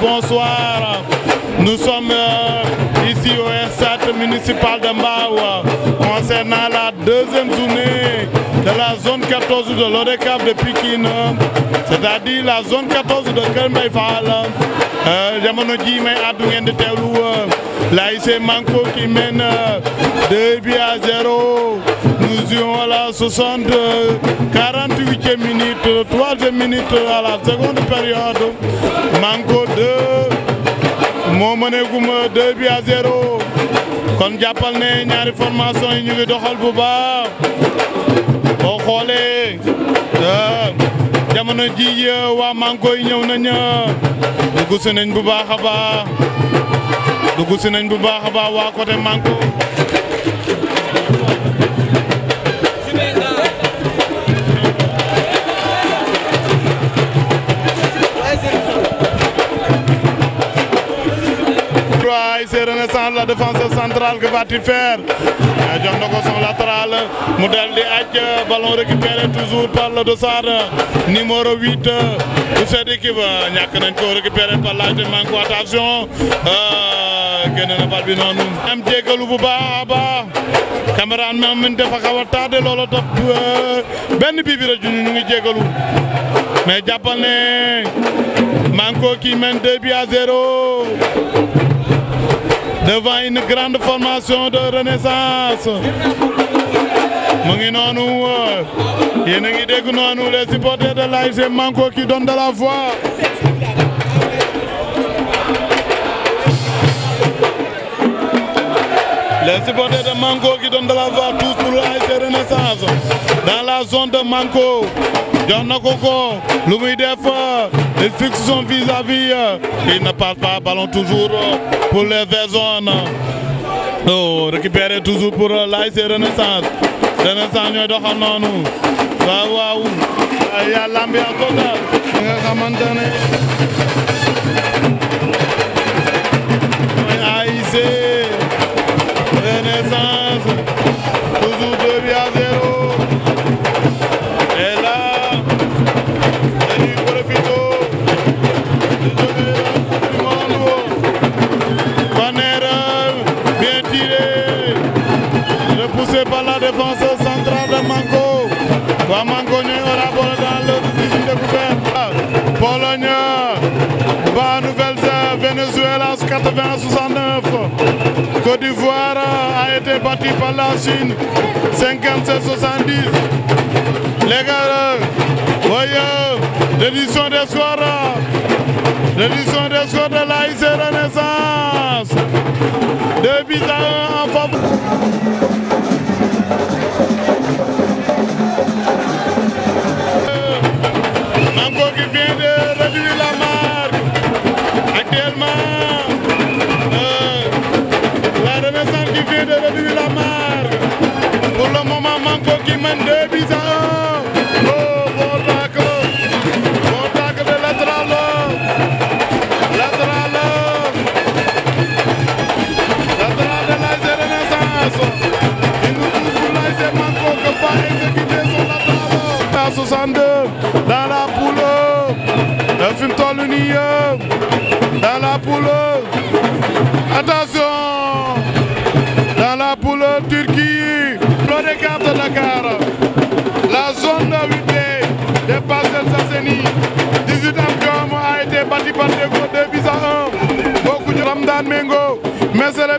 bonsoir. Nous sommes euh, ici au R7 municipal de Mbawa concernant la deuxième journée de la zone 14 de l'ODECAP de Pikine, c'est-à-dire la zone 14 de Kermbeifal. Euh, jamono mais de Là, c'est Manco qui mène 2 euh, buts à 0. Nous avons à la 60, 48e minute, 3e minute à la seconde période. Manco 2, Goum 2 buts à 0. Comme jàppal ne ñaari formation yi ñu ngi doxal bu baax boo xoolee jamono ji Wa Manko yi nañ dugg si nañ bu a waa côté Manko c'est Renaissance la défenseur central que va-t-il eh, son latéral mu di aj ballon récupéré toujours par le dossard numéro 8 bu sedd équipe ñàkk nañ récupéré par l'agent Manko attention euh, génne na bal bi noonu. am jégalu bu baax a baax caméraman ma man dafa xaw topp benn bii bi la junj ñu ngi jégalu mais jàppal ne maa ngi koo devant une grande formation de renaissance. mu ngi noonu yéen a ngi dégg noonu les supporters de l'ASC Manko qui donnent de la voix. les supporters de Manko qui donnent de la voix tous pour l'ASC Renaissance dans la zone de Manko jox na lu muy def il fixe son vis-à-vis il ne passe pas ballon toujours pour les verts oh récupéré toujours pour l'ASC Renaissance Renaissance ñooy doxal noonu waaw waaw y'a l'ambiance totale nga xamante ne mooy ASC Sude bir adı par la Chine. 57-70. Les gars, voyez, l'édition de soirs. L'édition de soirs de la IC Renaissance. de Bizarre à en faveur. Mango qui vient de réduire la main. pied de Louis Lamar. Pour le moment, Manko qui mène 2 buts à 1. bon tacle. Bon tacle de latéral. Latéral. Latéral de l'AIC Renaissance. Il nous pousse pour l'AIC que pas exécuter son latéral. À dans la poule. Le film-toi l'union. Dans la poule. Mauritanie 18 ans a été battu par des coups de 2 buts à 1 bokku ñu Ramdaan Mengo Mesere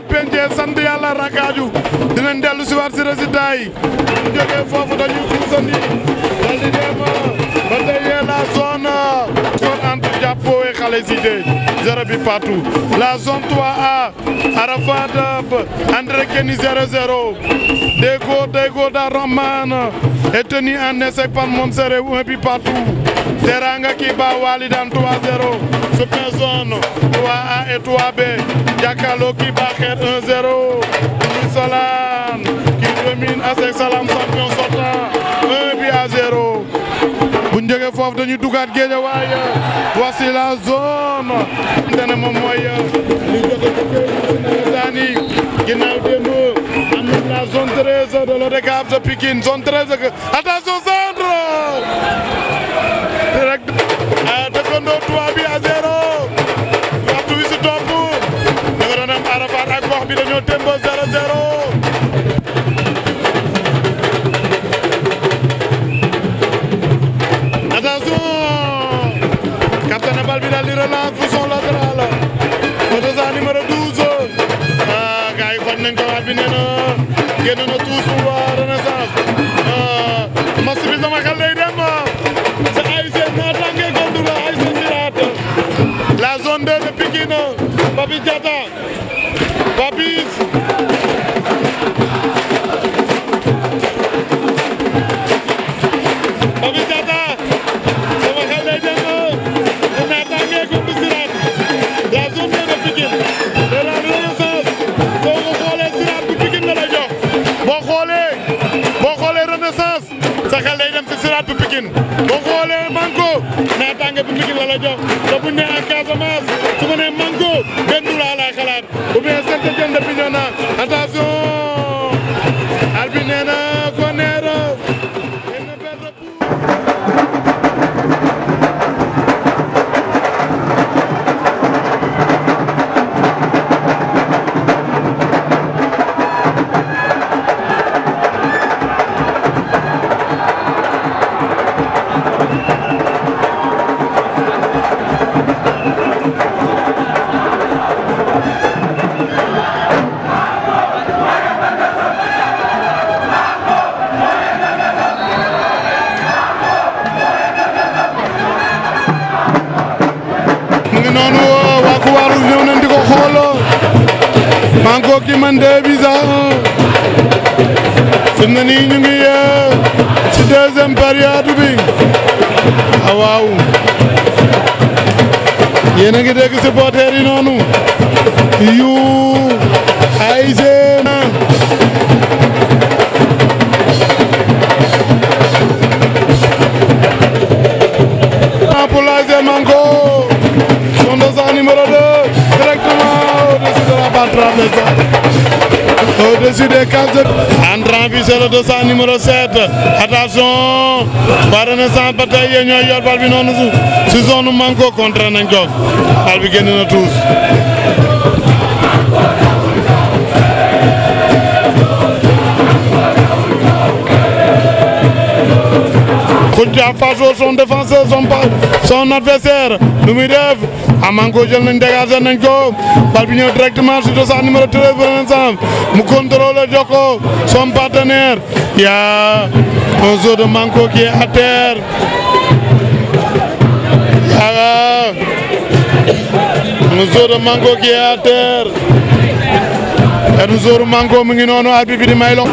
rakaaju dinañ dellu si waat si résultat yi bu jógee foofu dañuy xuusandi dal di dem ba tey la zone zone entre Diapo et Khalé Cité zéro bi partout la zone 3A Arafat André Kenny 0-0 Dego Dego Daromane est tenu en échec par Monseré un but partout Teranga ki ba Walidan 3-0 Super Zone a et 3B Jàkkaarloo Xeet 1-0 Louis Solane ki domine ASEC Salam champion sortant 1 but à bu ñu jógee foofu dañuy dugaat Guédiawaye voici la zone dana moom mooy li jóge ci ginnaaw démb am na la zone 13 de l'ODCAV de Pikine zone 13 attention ngi noonu waa Koumbaroos ñëw nañ di ko xool Manko ki man deux Visa fi mu ne nii ngi euh, ci deuxième période bi ah waaw yéen a ngi dégg supporters yi noonu yu Pape Traoré au-dessus des cases. entrant numéro 7 attention waa Renaissance ba tey ñooy yor bal bi noonu si zone manko contre nañ ko bal bi génn na tous. Kouthia son défenseur son son adversaire lu muy def. Amanko jël nañ dégagé nañ ko bal directement sur sa numéro 13 Renaissance mu contrôlé jox ko son partenaire y a un joueur de Manko qui est à terre y a un joueur de Manko qui est à terre et un mu ngi noonu arbitre di may loxo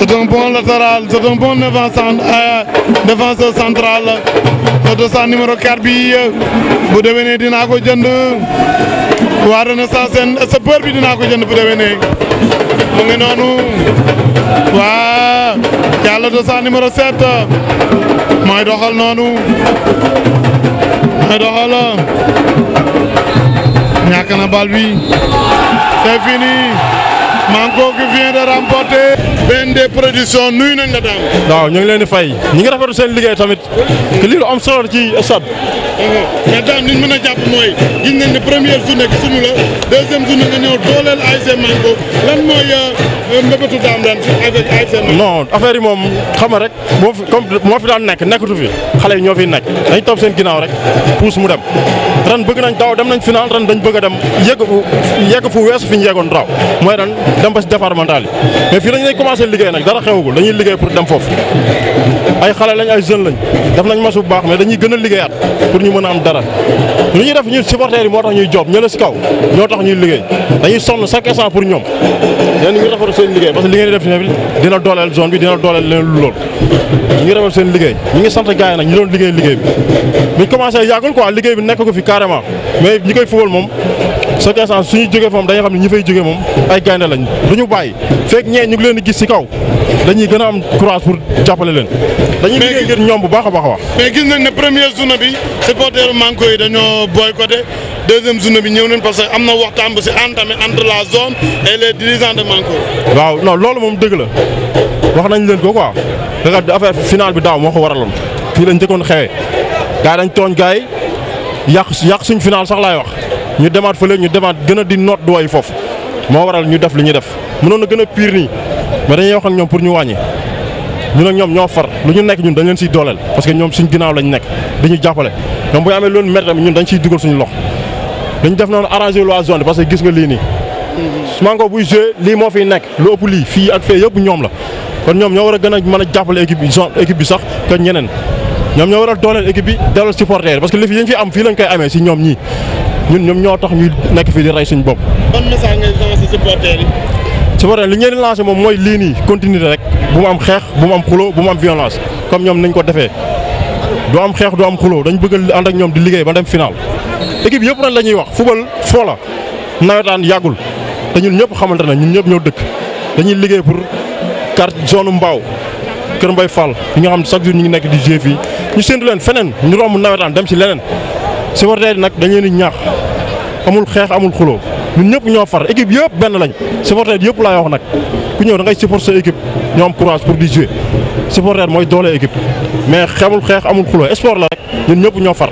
C'est un bon latéral, c'est un bon défenseur euh, central te sa numéro 4 bi bu déwénee dinaa ko jënd waa Renaissance seen sapeur bi dinaa ko jënd bu déwénee mu ngi noonu waa yàlla de sa numéro 7 mooy doxal noonu mooy doxal ñàkk na bal bi c'est fini Manko qui vient de remporter BND Production nuyu nañ la daal. waaw ñu ngi leen di fay ñu ngi rafetlu seen liggéey tamit que lii lu am solo ci stade. Uh-huh. mais daal li mën a jàpp mooy gis nañ ne première journée gisuñu la deuxième journée nga ñëw dooleel ASC Manko lan mooy uh, uh, mbébétu daam ren fii avec ASC Manko. affaire yi moom xam rek moo fi comme moo daan nekk nekkatu fi xale yi ñoo fi nekk dañ topp seen ginnaaw rek puus mu dem. ren bëgg nañ daaw dem nañ final ren dañ bëgg a dem yegg fu yegg fu weesu fi ñu yeggoon mooy ren dem ba si départemental yi mais fii lañ lay commencé liggéey nag dara xewagul dañuy dañuy lu ñuy def ñun supporters yi moo si kaw ñoo tax liggéey ñu ngi rafetlu seen liggéey parce que li ngeen di def fi dina dooleel zone bi dina dooleel leen lu lool ñu ngi rafetlu seen liggéey ñu ngi sant gars nag ñu doon liggéey liggéey bi biñ commencé yàggul quoi liggéey bi nekk ko fi carrément mais ñi koy fubal moom chaque instant suñu jógee foofu dañuy xam ne ñi fay jógee moom ay gaynde lañ duñu bàyyi fekk ñee ñu ngi leen gis ci kaw dañuy gën a am courage pour jàppale leen. dañuy liggéey ngir ñoom bu baax a baax a baax. mais gis nañ ne première journée bi supporters manko yi dañoo boycotté deuxième journée bi ñëw nañ parce am na waxtaan bu si entamé entre la zone et les dirigeants waaw non loolu moom dëgg la wax nañ leen ko quoi da nga affaire yàq yàq suñ final sax laay wax ñu demaat fa fële ñu demaat gën a di noot du way foofu moo waral ñu def li ñuy def mënoon na gën a pire nii mais dañuy wax ak ñoom pour ñu wàññi ñu ne ñoom ñoo far lu ñu nekk ñun dañ leen si dooleel parce que ñoom suñ ginnaaw lañ nekk ñu jàppale ñoom bu amee loolu mer ñun dañ siy dugal suñu lox dañ def noonu arrangé waa zone parce que gis nga lii nii Sonko mm-hmm. buy joué lii moo fiy nekk lu ëpp lii fii ak fee yëpp ñoom la kon ñoom ñoo war a gën a mën a jàppale équipe bi bi sax que ñeneen ñoom ñoo waral dooleel équipe bi dalal supporter parce que li fi ñu fi am fii lañ koy amee si ñoom ñii ñun ñoom ñoo tax ñuy nekk fii di rey suñu bopp. ban message ngay yi. supporter li ngeen di lancé moom mooy lii nii continuer rek bu mu am xeex bu mu am xulo bu mu am violence comme ñoom nañ ko defee du am xeex du am xulo dañ bëgg ànd ak ñoom di liggéey ba dem final. équipe yëpp nag la ñuy wax football foo la nawetaan yàggul te ñun ñëpp xamante ne ñun ñëpp ñoo dëkk dañuy liggéey pour carte zone mbaaw Kër Mbay Fall ñi nga xam chaque jour ñu nekk di jouer fii ñu séntu leen feneen ñu romb nawetaan dem ci leneen supporters yi nag dañu leen di ñaax amul xeex amul xuloo ñun ñëpp ñoo far équipe yëpp benn lañ supporters yëpp laay wax nag ku ñëw da ngay supporter sa équipe ñoo am courage pour di jouer supporter mooy doole équipe mais amul xeex amul xuloo sport la rek ñun ñëpp ñoo far.